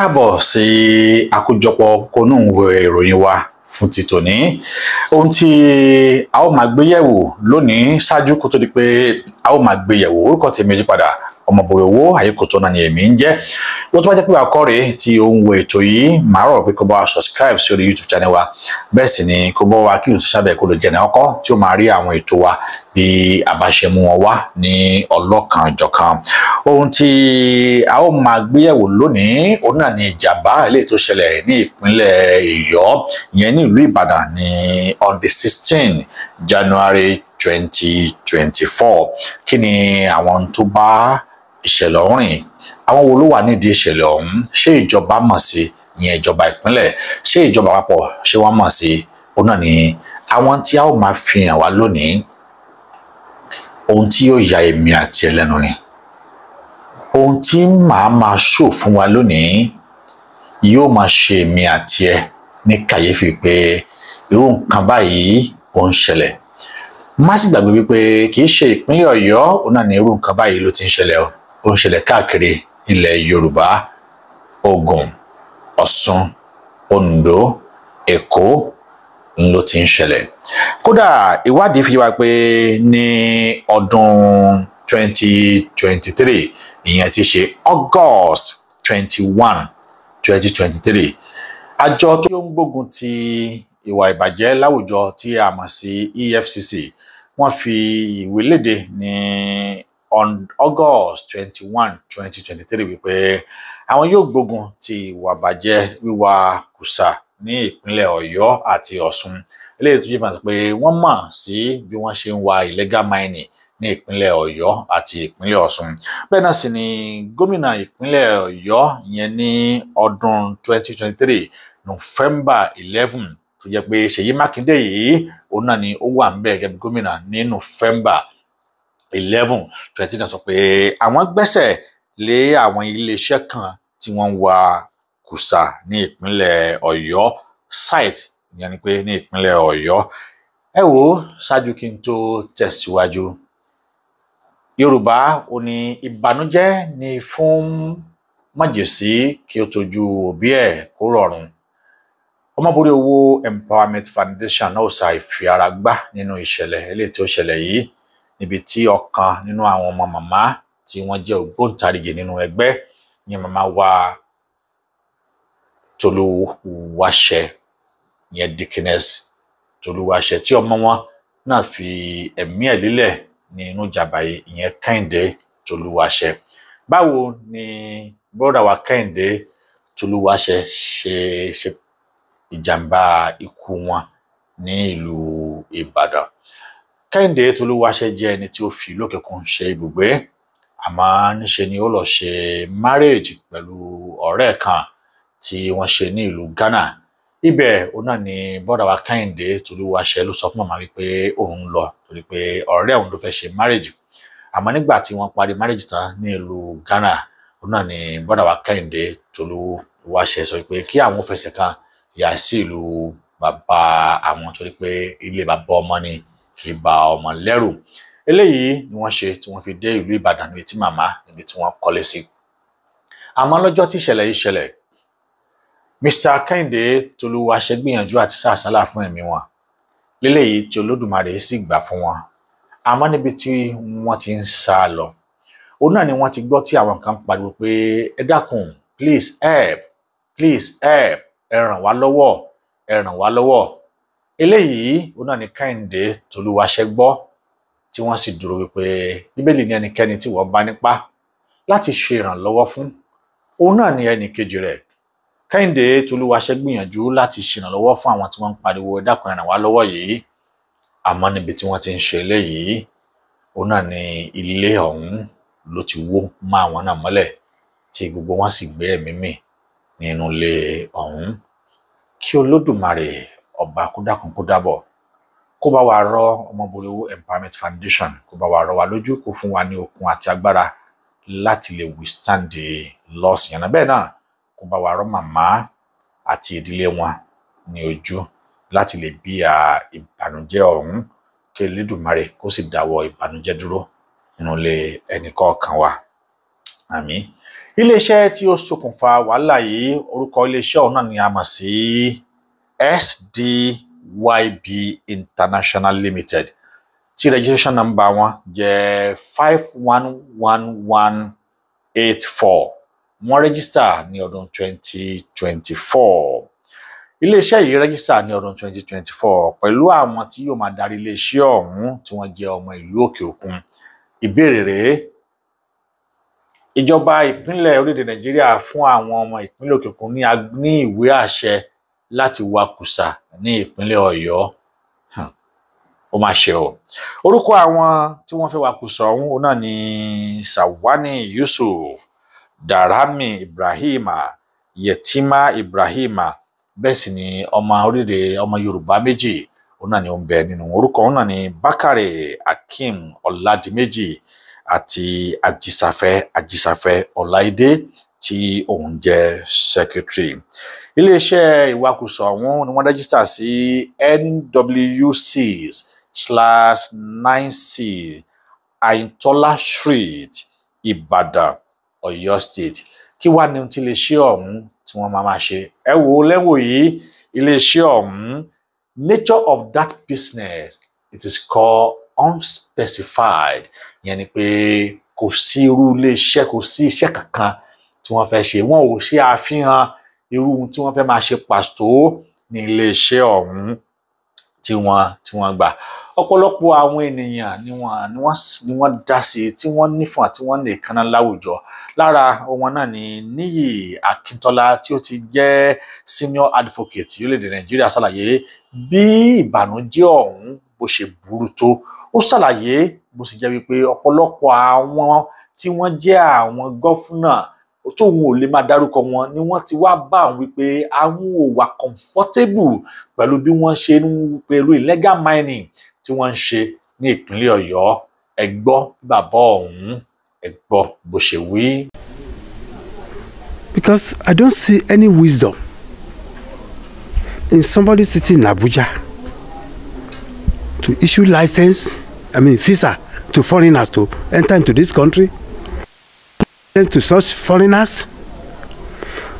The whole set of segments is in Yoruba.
káàbọ̀ sí àkójọpọ̀ kónú ìròyìn wa fún ti tòní ohun tí a ó máa gbéyẹ̀wò lónìí ṣáájú kó tó di pé a ó máa gbéyẹ̀wò orúkọ tèmi yí padà ọmọbùrẹ̀ owó ayékòtọ́nà ni èmi ń jẹ́ bó tó bá jẹ́ pé àkọ́rè tí ó ń ètò yìí màá rọ̀ pé kó bá wa subscribe sí orí YouTube channel wa bẹ́ẹ̀ sì ni kó bá wa kílù tó sábẹ̀ kó lè jẹ̀ náà kọ́ tí ó máa rí àwọn ètò wa bí a bá ṣe mú wọn wá ní ọlọ́kan ìjọ̀kan ohun tí a ó máa gbéyẹ̀wò lónìí òun náà ni ìjàmbá eléyìí tó ṣẹlẹ̀ ní ìpínlẹ̀ Ọ̀yọ́ ìyẹn ní ìlú Ìbàdàn ní on the sixteen January twenty twenty four kí ni àwọn tó bá ìṣẹ̀lẹ̀ ọ̀hún rìn àwọn wo ló wà nídìí ìṣẹ̀lẹ̀ ọ̀hún ṣé ìjọba mọ̀ sí ìyẹn ìjọba ìpínlẹ̀ ṣé ìjọba àpapọ̀ ṣé wọ́n mọ̀ sí òun náà ni àwọn tí a ó máa fi hàn wá lónìí ohun tí yóò ya èmi àti ẹlẹ́nu ni ohun tí màá máa ṣò fún wa lónìí yóò máa ṣe èmi àti ẹ ní kàyéfì pé irú nǹkan báyìí ó ń ṣẹlẹ̀ má sì gbàgbé wípé kì í ṣe ìpínlẹ̀ Ọ̀yọ́ òun náà ni irú nǹkan báyìí ló ti ń ṣẹlẹ̀ o ó ń ṣẹlẹ̀ káàkiri ilẹ̀ yorùbá Ògùn Ọ̀ṣun Oǹdó Èkó ló ti ń ṣẹlẹ̀ kódà ìwádìí fi wá pé ní ọdún 2023 ìyẹn ti ṣe August 21 2023 àjọ tó ń gbógun ti ìwà ìbàjẹ́ láwùjọ tí a mọ̀ sí EFCC wọ́n fi ìwé léde ní on August twenty one twenty twenty three wípé àwọn yóò gbógun ti ìwà bàjẹ́ wíwa kùsà ní ìpínlẹ̀ Ọ̀yọ́ àti Ọ̀ṣun eléyìí tó yí fàṣẹ pé wọ́n mọ̀ sí bí wọ́n ṣe ń wa illegal mining ní ìpínlẹ̀ Ọ̀yọ́ àti ìpínlẹ̀ Ọ̀ṣun bẹ́ẹ̀ náà sì ni gómìnà ìpínlẹ̀ Ọ̀yọ́ yẹn ní ọdún twenty twenty three November eleven tó jẹ́ pé Ṣèyí Mákindé yìí òun náà ni ó wà ń bẹ̀ gẹ́gẹ́ bí gómìnà ní November eleven twenty nine sọ pé àwọn gbẹ́sẹ̀ lé àwọn iléeṣẹ́ kan tí wọ́n ń wa kùsà ní ìpínlẹ̀ Ọ̀yọ́ site ìyẹn ni pé ní ìpínlẹ̀ Ọ̀yọ́ ẹ wò ó ṣáájú kí n tó tẹ̀síwájú Yorùbá ò ní ìbànújẹ́ ni fún májèsí kí ó tọ́jú òbí ẹ̀ kó rọrùn ọmọbìnrin owó Empowerment Foundation náà ṣàìfiaragbá nínú ìṣẹ̀lẹ̀ eléyìí tí ṣẹlẹ̀ yìí níbi tí ọ̀kan nínú àwọn ọmọ màmá tí wọ́n jẹ́ ògbóǹtarìgì nínú ẹgbẹ́ ní màmá wa Tolúwaṣẹ ìyẹn Dikines Tolúwaṣẹ tí ọmọ wọn náà fi ẹ̀mí ẹ̀ lílẹ̀ ní inú ìjàmbá yìí ìyẹn Kẹ́hìndé báwo ni bọ́dà wa Kẹ́hìndé Tolúwaṣẹ ṣe ṣe ìjàmbá ikú wọn ní ìlú Ìbàdàn kẹ́hìndé tolúwaṣẹ́ jẹ́ ẹni tí ó fi lókèkun ṣe ibùgbé àmọ́ níṣe ni ó lọ ṣe márèèjì pẹ̀lú ọ̀rẹ́ kan tí wọ́n ṣe ní ìlú ghana ibẹ̀ òun náà ni bọ́dà wa kẹ́hìndé tolúwaṣẹ́ ló sọ fún màmá wípé òun lọ torí pé ọ̀rẹ́ òun ló fẹ́ ṣe márèèjì àmọ́ nígbà tí wọ́n parí márèèjì tán ní ìlú ghana òun náà ni bọ́dà wa kẹ́hìndé tolúwaṣẹ́ sọ pé kí àwọn fẹsẹ̀ kan yà sí ìlú bàbá àwọn torí pé ilé bàbá ọmọ ni kì í ba ọmọ lẹ́rù eléyìí ni wọ́n ṣe tí wọ́n fi dé ìlú Ìbàdàn níbi màmá níbi tí wọ́n kọ́lé sí àmọ́ lọ́jọ́ tí ìṣẹ̀lẹ̀ yìí ṣẹlẹ̀ Mr. Kẹ́hìndé Tolúwa ṣe gbìyànjú àti sàsálà fún ẹ̀mí wọn léléyìí tí Olódùmarè sì gbà fún wọn àmọ́ níbi tí wọ́n ti ń sá lọ òun náà ni wọ́n ti gbọ́ tí àwọn kan pariwo pé ẹ dákun please help please help ẹ ràn wá lọ́wọ́ ẹ ràn wá lọ́wọ́ eléyìí òun náà ni Kẹ́hìndé Tolúwaṣẹ́gbọ́ tí wọ́n sì dúró wípé bíbélì ní ẹnikẹ́ni tí wọ́n bá nípa láti ṣe ìrànlọ́wọ́ fún òun náà ni ẹnì kejì rẹ̀ Kẹ́hìndé Tolúwaṣẹ́ gbìyànjú láti ṣèrànlọ́wọ́ fún àwọn tí wọ́n ń pariwo dákun ràn wá lọ́wọ́ yìí àmọ́ níbi tí wọ́n ti ń ṣe eléyìí òun náà ni ilé ọ̀hún ló ti wó mọ́ àwọn náà mọ́lẹ̀ tí gbogbo wọn sì gbé ẹ̀mí mì nínú ilé ọ̀hún kí Olódùmarè ọba kó dákun kó dábọ̀ kó bá wa rọ Ọmọboriowo Empowerment Foundation kó bá wa rọ wa lójú kó fún wa ní okun àti agbára láti lè withstand the loss yẹn náà bẹ́ẹ̀ náà kó bá wa rọ màmá àti ìdílé wọn ní ojú láti lè bí a ìbànújẹ́ ọ̀hún kí Elédùmarè kó sì dáwọ́ ìbànújẹ́ dúró nínú ilé ẹnìkọ̀ọ̀kan wa àmín iléeṣẹ́ tí ó ṣokùnfà wàhálà yìí orúkọ iléeṣẹ́ ọ̀hún náà ni a mọ̀ sí sdyb international limited tí registration number wọn jẹ́ five one one one eight four wọ́n register ní ọdún twenty twenty four iléeṣẹ́ yìí register ní ọdún 2024 pẹ̀lú àwọn tí yóò máa darí iléeṣẹ́ ọ̀hún tí wọ́n jẹ́ ọmọ ìlú òkè òkun ìbéèrè rèé ìjọba ìpínlẹ̀ orílẹ̀-èdè nàìjíríà fún àwọn ọmọ ìpínlẹ̀ òkè òkun ní ìwé àṣẹ láti wakùsà ní ìpínlẹ̀ Ọ̀yọ́ hmm. ó máa ṣe o orúkọ àwọn tí wọ́n fẹ́ wakùsà ọ̀hún náà ni Sawani Yusuf Darami Ibrahim, Yetima Ibrahim, bẹ́ẹ̀ sì ni ọmọ orílẹ̀ ọmọ Yorùbá méjì òun náà ni ó ń bẹ nínú orúkọ òun náà ni Bakare Akeem Ọládìméjì àti Ajísafẹ́ Ajísafẹ́ Ọláìdé tí òun jẹ́ secretary iléeṣẹ́ ìwakùsọ ọ̀hún ni wọ́n rẹ́jísítà sí nwc slash nine c Ayintola street Ìbàdàn Oyo state kí wàá ní ti iléeṣẹ́ ọ̀hún tí wọ́n máa ṣe ẹ wò ó lẹ́wò yìí iléeṣẹ́ ọ̀hún nature of that business it is called unspecified yẹn ni pé kò sí irú iléeṣẹ́ kò sí iṣẹ́ kankan tí wọ́n fẹ́ ṣe wọn ò ṣe àfihàn irú ohun tí wọ́n fẹ́ máa ṣe pàtó ní iléeṣẹ́ ọ̀hún tí wọ́n tí wọ́n gbà ọ̀pọ̀lọpọ̀ àwọn ènìyàn ni wọ́n ni wọ́n ni wọ́n dá sí tí wọ́n nífọ̀n tí wọ́n lè kanna láwùjọ lára wọn náà ni Níyì Akíntọ́lá tí ó ti jẹ́ senior advocate orílẹ̀-èdè Nàìjíríà ṣàlàyé bí ìbànújẹ́ ọ̀hún bó ṣe burú tó ó ṣàlàyé bó sì jẹ́ wípé ọ̀pọ̀lọpọ̀ àwọn tí wọ́n jẹ́ àwọn gọ́fúnà tóun ò lè máa dárúkọ wọn ni wọ́n ti wá bá òun wípé àwọn ò wà comfortable pẹ̀lú bí wọ́n ṣe ń pẹ̀lú illegal mining tí wọ́n ń ṣe ní ìpínlẹ̀ Ọ̀yọ́ ẹ gbọ́ bàbá ọ̀hún ẹ gbọ́ bó ṣe wí. Because I don't see any wisdom in somebody sitting in Abuja to issue license, I mean visa to foreigners to enter into this country to such foreigners,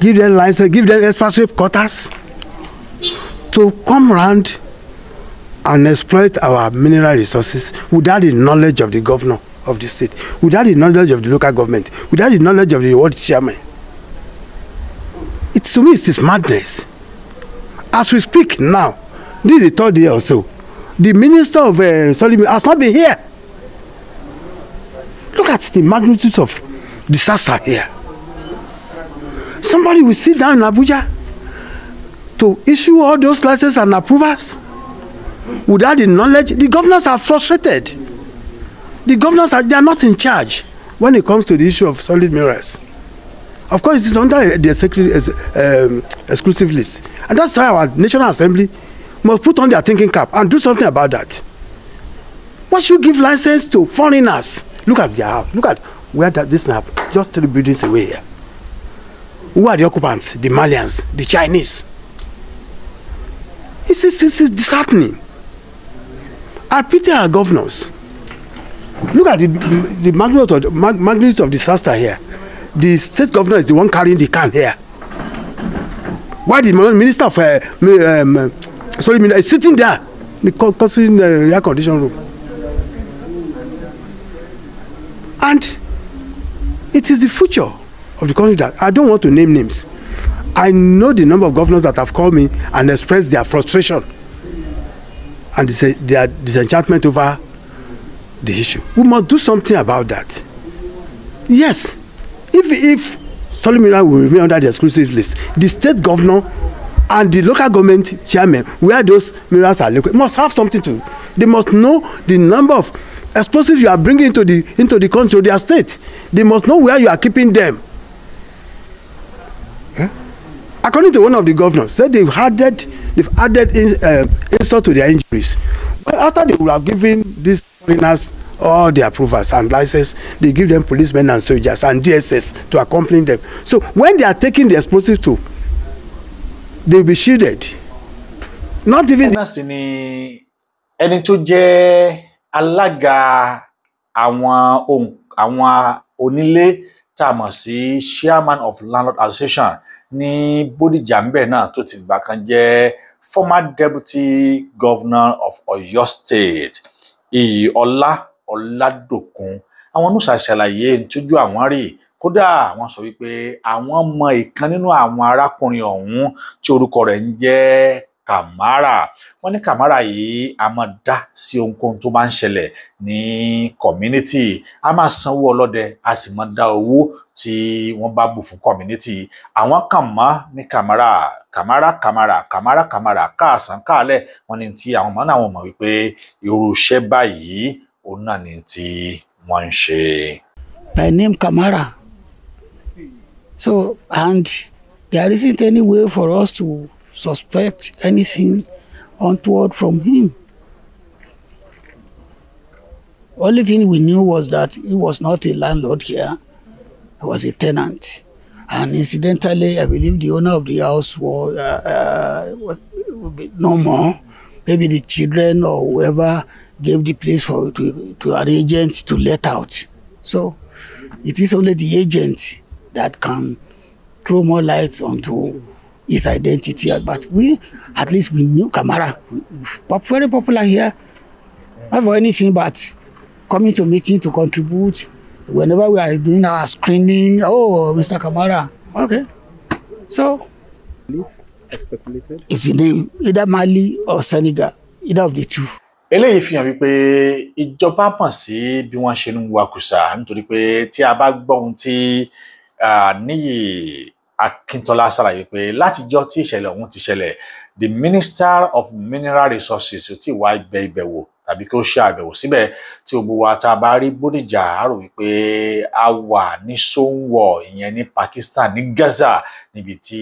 give them license, give them expatriate quotas to come round and exploit our mineral resources without the knowledge of the governor of the state, without the knowledge of the local government, without the knowledge of the world chairman. It, to me, it is madness. As we speak now, this is the third year or so, the minister of uh, Solomon has not been here. Look at the magnitude of disaster here. Somebody will sit down in Abuja to issue all those licenses and approvals without the knowledge. The governors are frustrated. The governors are they are not in charge when it comes to the issue of solid mirrors. Of course, it is under the um, exclusive list, and that's why our National Assembly must put on their thinking cap and do something about that. Why should give license to foreigners? Look at their house. Look at where that this nap just three buildings away here. Who are the occupants? The Malians, the Chinese. It's, it's, it's, it's disheartening. I pity our governors. Look at the, the magnitude, of, mag, magnitude of disaster here. The state governor is the one carrying the can here. Why the minister of uh, um, sorry, minister is sitting there, causing the air conditioned room. And It is the future of the country that I don't want to name names. I know the number of governors that have called me and expressed their frustration and dis their disenchantment over the issue. We must do something about that. Yes, if if Solomira will remain under the exclusive list, the state governor and the local government chairman, where those mirrors are located, must have something to. They must know the number of explosives you are bringing into the into the country or their state they must know where you are keeping them yeah? according to one of the governors said they've added they've added in, uh, insult to their injuries but after they would have given these foreigners all the approvals and licenses they give them policemen and soldiers and dss to accompany them so when they are taking the explosives to they will be shielded not even. ẹni tó jẹ́ alága àwọn àwọn onílé tá a mọ̀ sí chairman of landlord association ní Bódìjà ń bẹ̀ náà tó ti gbà kan jẹ́ former deputy governor of Oyo state Ìyìọlá Ọládòkun àwọn onúṣà ṣàlàyé ntójú àwọn rí kódà àwọn sọ wípé àwọn mọ ìkan nínú àwọn arákùnrin ọ̀hún tí orúkọ rẹ̀ ń jẹ́ Kamara wọ́n ní Kamara yìí a máa dá sí ohunkóhun tó máa ń ṣẹlẹ̀ ní community a máa sanwó ọlọ́dẹ a sì máa dá owó tí wọ́n bá bù fún community àwọn kàn mọ́ ní Kamara Kamara Kamara Kamara Kamara káàsán káàlẹ̀ wọ́n ní ti àwọn mọ́nà àwọn mọ̀ wípé irú iṣẹ́ báyìí òun náà ni tí wọ́n ń ṣe. my name Kamara so and there isn't any way for us to suspect anything untoward from him. Only thing we knew was that he was not a landlord here, he was a tenant. And incidentally, I believe the owner of the house was, uh, uh, was no more. Maybe the children or whoever gave the place for to, to an agent to let out. So it is only the agent that can throw more light onto his identity. But we, at least we knew Kamara. But very popular here. Not for anything, but coming to meeting to contribute. Whenever we are doing our screening, oh, Mr. Kamara. Okay. So. Please, speculated. It's the name, either Mali or Senegal, either of the two. eléyìí fi hàn wípé ìjọba pọ̀n sí bí wọ́n ṣe ń wakùsà nítorí pé tí a bá gbọ́ ohun tí níyì akíntola ṣàlàyé pé látijọ́ tí ìṣẹ̀lẹ̀ ọ̀hún ti ṣẹlẹ̀ the minister of mineral resources ti wá gbẹ ibẹ̀ wò tàbí kí ó ṣe àbẹ̀wò síbẹ̀ tí gbogbo wa tá a bá rí Bódìjà á rò wípé a wà ní Sonwar ìyẹn ní Pakistan ní Gaza níbi tí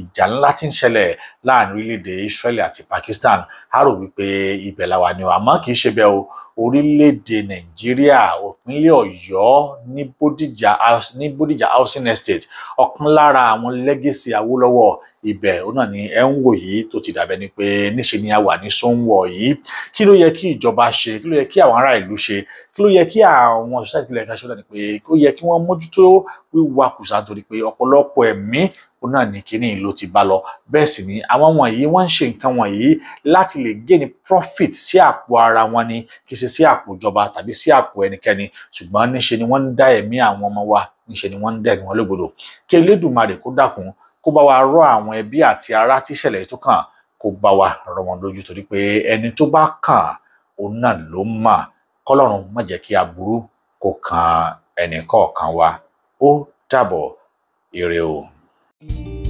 ìjà ńlá ti ń ṣẹlẹ̀ láàrin orílẹ̀-èdè Israel àti Pakistan á rò wípé ibẹ̀ la wà ni o àmọ́ kì í ṣe bẹ́ẹ̀ o orílẹ̀-èdè nàìjíríà òpínlẹ̀ ọ̀yọ́ ní bódìjà housing estate ọ̀kan lára àwọn legacy awólọ́wọ̀ ibẹ̀ ó náà ni ẹ̀ ń wò yìí tó ti dàbẹ̀ ni pé níṣe ni a wà ní Sonwar yìí kí ló yẹ kí ìjọba ìjọba ṣe kí ló yẹ kí àwọn ará ìlú ṣe kí ló yẹ kí àwọn society ilẹ̀ ká ṣe lọ́nà pé kí ó yẹ kí wọ́n mójútó wíwá kùsà torí pé ọ̀pọ̀lọpọ̀ ẹ̀mí òun náà ní kíní ló ti bá lọ bẹ́ẹ̀ sì ni àwọn wọ̀nyí wọ́n ń ṣe nǹkan wọ̀nyí láti lè gé ní profit sí àpò ara wọn ni kì í ṣe sí àpò ìjọba tàbí sí àpò ẹnikẹ́ni ṣùgbọ́n níṣe ni wọ́n ń dá ẹ̀mí àwọn ọmọ wa níṣe ni wọ́n ń dá ẹ̀mí wọn lógbòdò kí Elédùmarè kó dákun kó bá wa rọ àwọn ẹbí àti ará tíṣẹ̀lẹ̀ tó kàn kó bá wa rọ wọn lójú torí pé ẹni tó bá kàn òun náà ló mà kọ́lọ́run má jẹ́ kí aburú kó kan ẹnìkọ̀ọ̀kan wa ó dàbọ̀ ire o. thank you